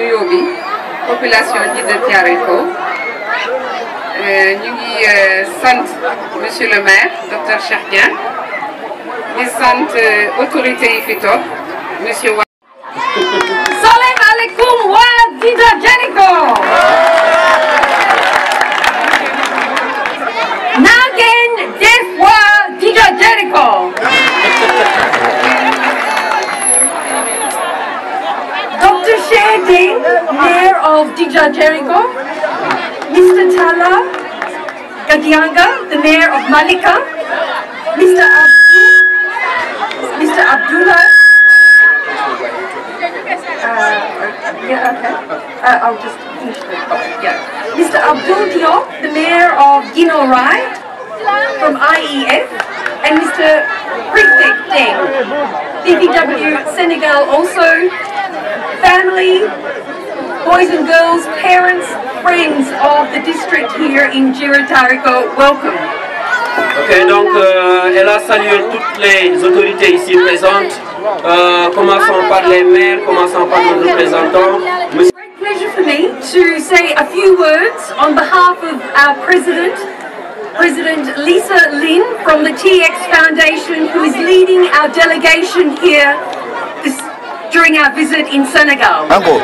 nuyoo population Djidah Thiaroye Kaw euh, ñu ngi euh, sant monsieur le maire docteur Cheikh les di sant euh, autorité yi monsieur Mayor of Digja Jericho, Mr. Tala Gadianga, the Mayor of Malika, Mr. Abdul, Mr. Abdullah, uh, yeah, okay. Uh, I'll just finish the yeah. Mr. Abdul Diop, the Mayor of Gino Ride from IEF, and Mr. Prefect Deng, BBW Senegal also, family, boys and girls, parents, friends of the district here in Jiritariko, welcome. Ok, donc euh, elle a salué toutes les autorités ici présentes, euh, commençons par les maires, commençons par nos représentants. It's a great pleasure for me to say a few words on behalf of our president, President Lisa Lin from the TX Foundation, who is leading our delegation here during our visit in Senegal. Uncle.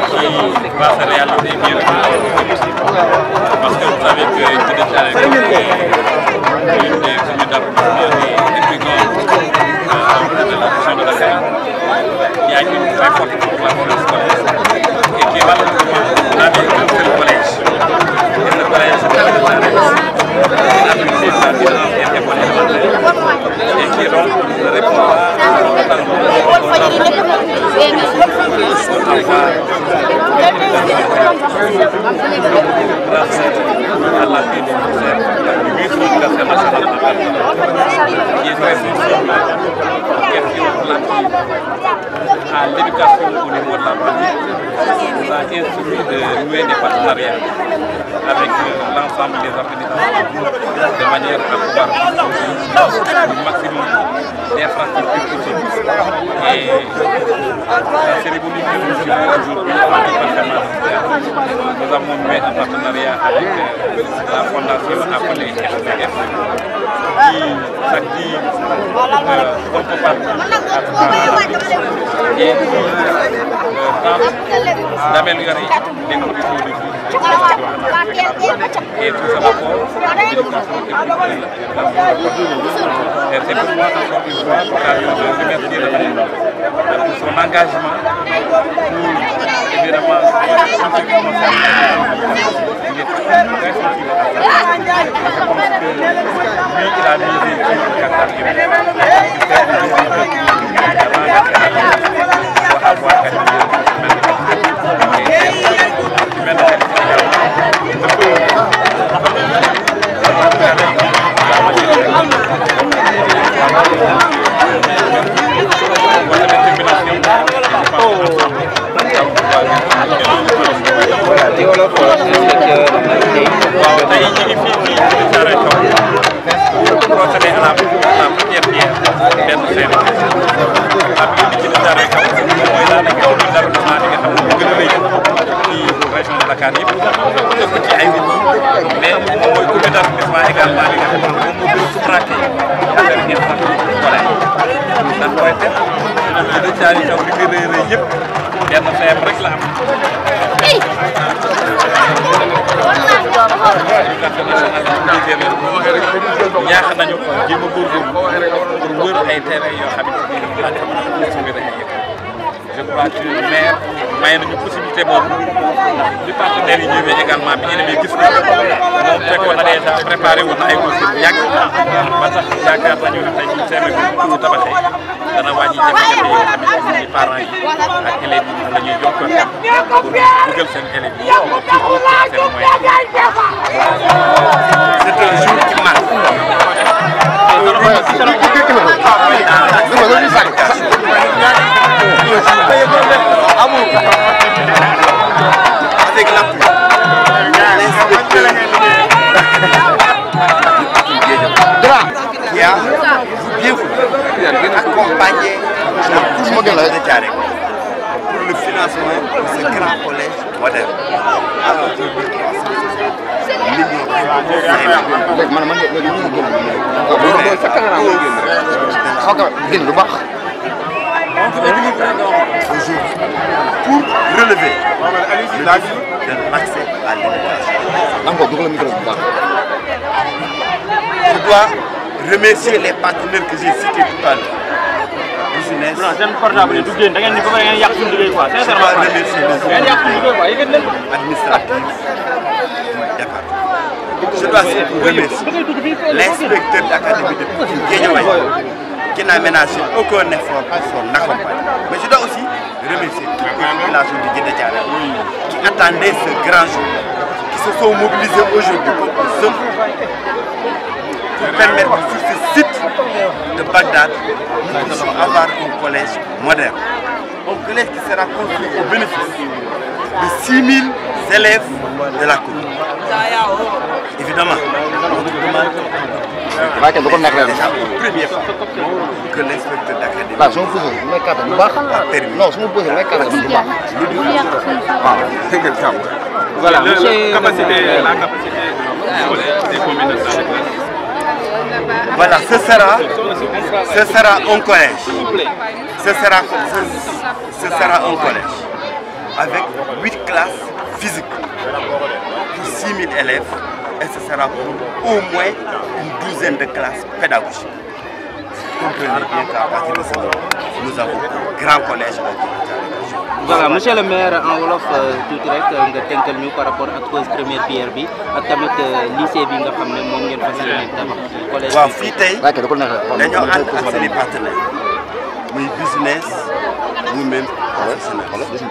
qui est très sensible question relative à l'éducation au niveau de la pratique nous a instruit de nouer des partenariats avec l'ensemble des organisations de manière à pouvoir le maximum d'infrastructures possibles. Et la cérémonie que nous suivons aujourd'hui nous avons noué un partenariat avec la fondation appelée FPF di bakti contrepartie. Et pour quand Damel Ngari, les conditions de vie. Et c'est pour moi, encore une fois, l'occasion de remercier la Marine pour son engagement, pour évidemment ce qui concerne très sensible à il a Qatar. yëpp benn assemblée nationale bu déggee ñaax nañu jéem a góorgóorlu pour wër ay terrain yoo xamante ni ñu laaj je crois que maire may nañu possibilité boobu ndax li partenaires yi ñëwee également bi ñu demee gis na moom fekkoon na déjà préparé wu na ay mesures bu yàgg ba tax yaakaar nañu ne tey jii terrain bi ñu tabaxee dana wàññi jafe-jafe yi nga xamante ni parents yi ak élèves yi la ñuy jokkoo pour dugal seen élèves yi pour pour seen moyen C'est un jour qui marque. Avec l'appui. Il a bien voulu accompagner le de Tiarek pour le financement de ce grand collège moderne. léegi man man léegi man nga génn. bu baax. toujours pour relever. de l'accès à l'éducation. encore dugal micro bu baax. je dois remercier les partenaires que j'ai cités tout à l'heure. business. non seen portable yi du génn da ngeen ni ba pare ngeen yàq suñu liggéey quoi sincèrement. je dois remercier les administratifs je dois remercier l'inspecteur de l'académie de Poutine, qui n'a ménagé aucun effort pour son accompagnement. Mais je dois aussi remercier toute la population de Diarra qui attendait ce grand jour, qui se sont mobilisés aujourd'hui pour, permettre sur ce site de Bagdad, nous avoir un collège moderne. Un collège qui sera construit au bénéfice de 6000 élèves de la cour. Évidemment, on nous la première fois que l'inspecteur d'académie a permis. Non, je si vous posez Voilà, la Voilà. la capacité scolaire des communes voilà, ce sera, un collège. Ce sera, ce sera un collège avec 8 classes physiques. 6 000 élèves et ce sera pour au moins une douzaine de classes pédagogiques. Comprenez bien qu'à partir de ce moment, nous avons un grand collège à voilà monsieur le maire en wolof euh, tuuti rek euh, nga tënkal ñu par rapport ak cause première PRB, bi ak tamit euh, lycée bi nga xam ne moom ngeen fas yéene tabax collège waaw fii tey dañoo ànd ak seen i partenaires muy business nous-mêmes, professionnel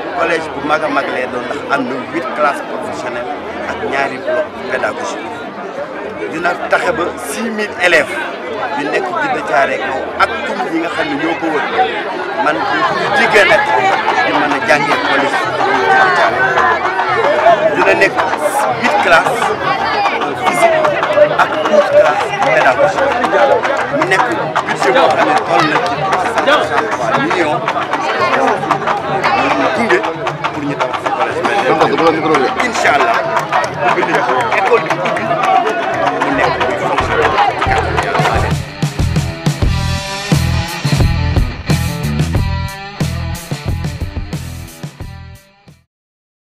collège bu mag a mag lay doon ndax am na huit classes professionnelles ak ñaari bloc pédagogique dina taxe ba six mille élèves yu nekk Djidah Thiaroye Kaw ak commune yi nga xam ne ñoo ko wër man bu ñu jigéen ak di mën a jàngee شاء الله